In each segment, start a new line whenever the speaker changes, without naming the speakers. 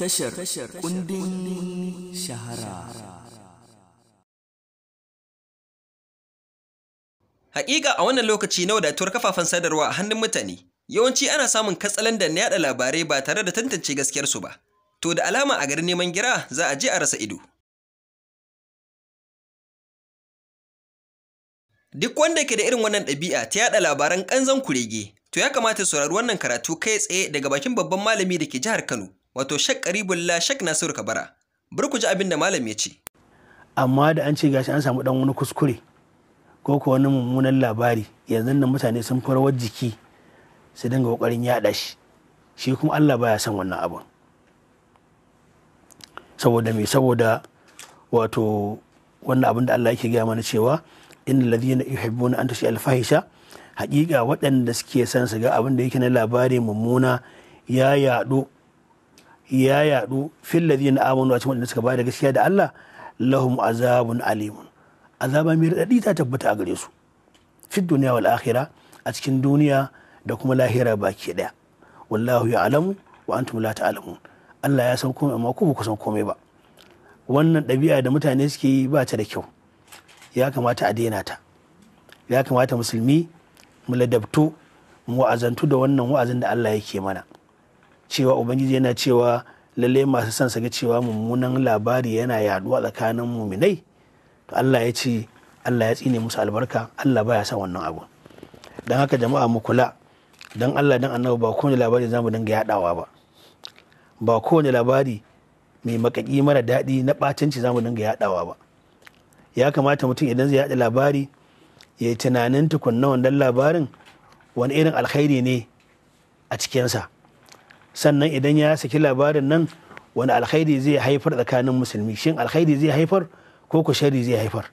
tashar kundin shahara Haƙiƙa a wannan lokaci na wadatuwar kafafen sadarwa a hannun mutane yawanci ana samun katsalandan na yaɗa labarai ba tare da tantance gaskiyarsu ba to da alama a garin neman gira za a je a rasa ido Duk wanda ke da irin wannan ɗabi'a ta yaɗa labaran ƙanzan kurege, to ya kamata saurari wannan karatu kai tsaye daga bakin babban malami da ke jihar Kano, wato shek karibullah shek nasiru kabara ji abin da malam ya ce amma da an ce gashi an samu dan wani kuskure ko ko wani mummunan labari yanzu nan mutane sun fi rawar jiki su dinga kokarin yaɗa shi shi kuma Allah baya son wannan abin saboda me saboda wato wannan abin da Allah yake gaya mana cewa innal ladhina yuhibbuna an tashi al-fahisha haƙiƙa waɗanda suke son su ga abin da yake na labari mummuna ya yado. ya yadu fil ladina amanu a cikin wadanda suka bada gaskiya da Allah lahum azabun alimun azaba mai radadi ta tabbata a gare su fit duniya wal akhira a cikin duniya da kuma lahira baki ɗaya wallahu ya'lamu wa antum la ta'lamun Allah ya san komai amma ku ba ku san komai ba wannan ɗabi'a da mutane suke yi ba ta da kyau ya kamata a daina ta ya kamata musulmi mu ladabtu mu wa'azantu da wannan wa'azin da Allah ya yake mana cewa ubangiji yana cewa lalle masu son ga cewa mummunan labari yana yaduwa tsakanin muminai to Allah ya ce Allah ya tsine musu albarka Allah baya son wannan abu dan haka jama'a mu kula dan Allah dan annabi ba kowane labari zamu dinga yadawa ba ba kowane labari mai makaki mara daɗi na ɓatanci zamu dinga yadawa ba ya kamata mutum idan zai yaɗa labari ya yi tunanin tukunna wannan labarin wani irin alkhairi ne a cikinsa sannan idan ya saki labarin nan wani alkhairi zai haifar tsakanin musulmi shin alkhairi zai haifar ko ku shari zai haifar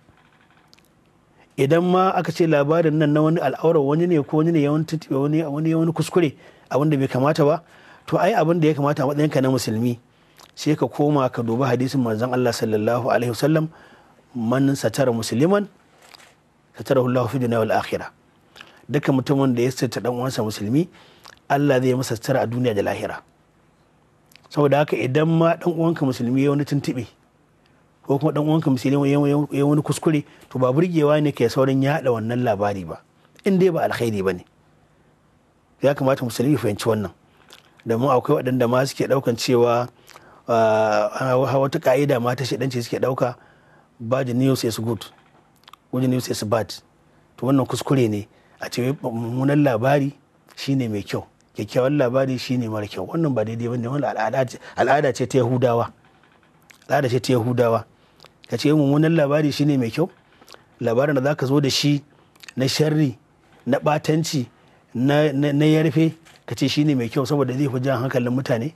idan ma aka ce labarin nan na wani al'aurar wani ne ko wani ne wani wani kuskure abin da bai kamata ba to ai abin da ya kamata a matsayinka na musulmi sai ka koma ka dubi hadisin manzon Allah sallallahu alaihi wasallam man satara musliman satarahu Allah fi dunya wal akhirah dukkan mutumin da ya sata dan uwansa musulmi Allah zai masa tsara a duniya da lahira saboda haka idan ma dan uwanka musulmi ya wani tuntube ko kuma dan uwanka musulmi ya wani kuskure to ba burgewa ne ke saurin yaɗa wannan labari ba in dai ba alkhairi ba ne ya kamata musulmi ya fahimci wannan domin akwai waɗanda ma suke ɗaukan cewa ah, ah, wata ka'ida ma ta shaɗanci suke ɗauka bad news is good good news is bad to wannan kuskure ne a ce mummunan labari shine mai kyau kyakkyawan labari shi ne mara kyau wannan ba daidai bane wani al'ada ce ta yahudawa al'ada ce ta yahudawa ka ce mummunan labari shi ne mai kyau labarin da za ka zo da shi na sharri na batanci na yarfe ka ce shi ne mai kyau saboda zai fi jan hankalin mutane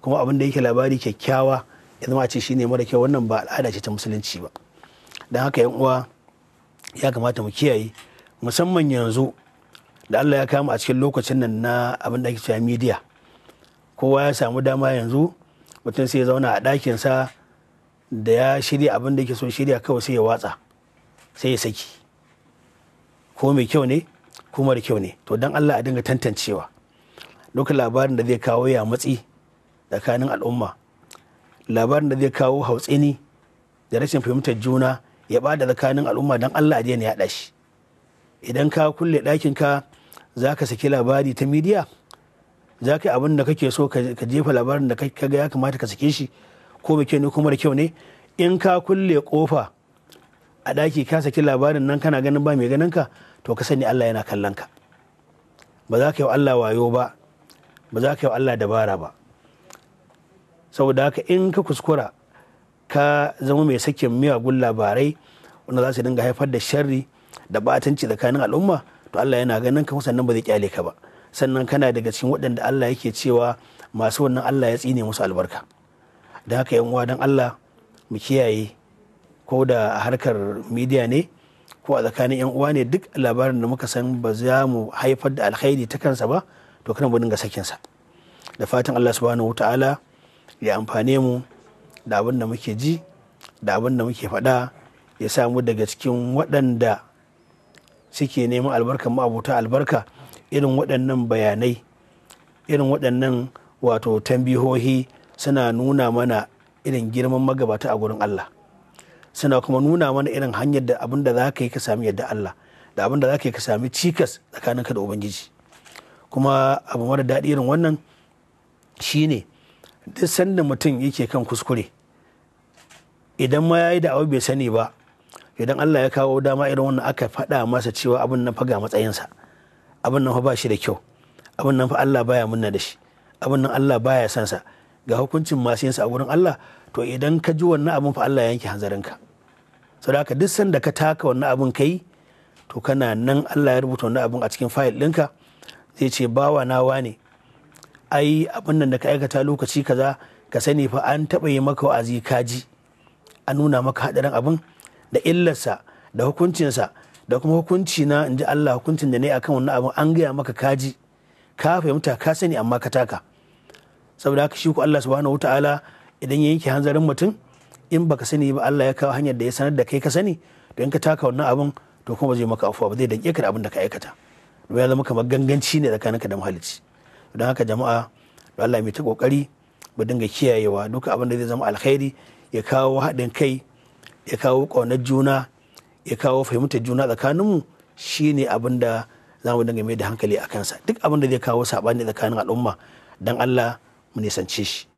kuma abin da yake labari kyakkyawa ya zama ce shi ne mara kyau wannan ba al'ada ce ta musulunci ba don haka yan uwa ya kamata mu kiyaye musamman yanzu da allah ya kama a cikin lokacin nan na abin da ake cewa media kowa ya samu dama yanzu mutum sai ya zauna a ɗakinsa da ya shirya abin da yake so shirya kawai sai ya watsa sai ya saki ko mai kyau ne ko mara kyau ne to dan allah a dinga tantancewa duk labarin da zai kawo ya matsi tsakanin al'umma labarin da zai kawo hautsini da rashin fahimtar juna ya bada tsakanin al'umma dan allah a daina yaɗa shi idan ka kulle ɗakin ka za ka saki labari ta midiya za ka yi abin da kake so ka jefa labarin da ka ga ya kamata ka sake shi ko mai kyau ne kuma da kyau ne in ka kulle kofa a ɗaki ka saki labarin nan kana ganin ba mai ganin ka to ka sani Allah yana kallon ka ba za ka yi wa Allah wayo ba ba za ka yi wa Allah dabara ba saboda haka in ka kuskura ka zama mai sakin miyagun labarai wanda za su dinga haifar da sharri da batanci tsakanin al'umma to Allah yana ganin ka sannan ba zai kyale ka ba sannan kana daga cikin waɗanda Allah yake cewa masu wannan Allah ya tsine musu albarka da haka yan uwa dan Allah mu kiyaye ko da a harkar media ne ko a tsakanin yan uwa ne duk labarin da muka san ba za mu haifar da alkhairi ta kansa ba to kana mu dinga sakin sa da fatan Allah subhanahu wataala ya amfane mu da abin da muke ji da abin da muke faɗa ya samu daga cikin waɗanda suke neman albarka ma'abota albarka irin waɗannan bayanai irin waɗannan wato tambihohi suna nuna mana irin girman magabata a gurin Allah suna kuma nuna mana irin hanyar da abin da za ka yi ka sami yadda Allah da abin da za ka yi ka sami cikas tsakaninka da Ubangiji kuma abu mara daɗi irin wannan shi ne duk sanda mutum yake kan kuskure idan ma ya yi da bai sani ba idan Allah ya kawo dama irin wannan aka faɗa masa cewa abin nan fa ga matsayinsa abin nan fa ba shi da kyau abin nan fa Allah baya munna da shi abin nan Allah baya san sa ga hukuncin masu yinsa a gurin Allah to idan ka ji wannan abin fa Allah ya yanke hanzarinka saboda ka duk sanda ka taka wannan abin kai to kana nan Allah ya rubuta wannan abin a cikin fayil ɗinka zai ce bawa na wane ai abin nan da ka aikata lokaci kaza ka sani fa an taɓa yi maka wa'azi ka ji a nuna maka haɗarin abin da illarsa da hukuncinsa da kuma hukunci na in ji Allah hukuncin da ne kan wannan abu an gaya maka kaji ka fahimta ka sani amma ka taka saboda haka shi ku Allah subhanahu wataala idan ya yanke hanzarin mutum in baka sani ba Allah ya kawo hanyar da ya sanar da kai ka sani to in ka taka wannan abin to kuma ba zai maka afuwa ba zai danke ka da abin da ka aikata don ya zama kamar ganganci ne tsakaninka da muhalici don haka jama'a da Allah mai ta kokari ba dinga kiyayewa duka abin da zai zama alkhairi ya kawo haɗin kai ya kawo ƙaunar juna ya kawo fahimtar juna tsakaninmu shi ne abin da za mu dinga mai da hankali a kansa duk abin da zai kawo saɓani tsakanin al'umma don allah mu nisance shi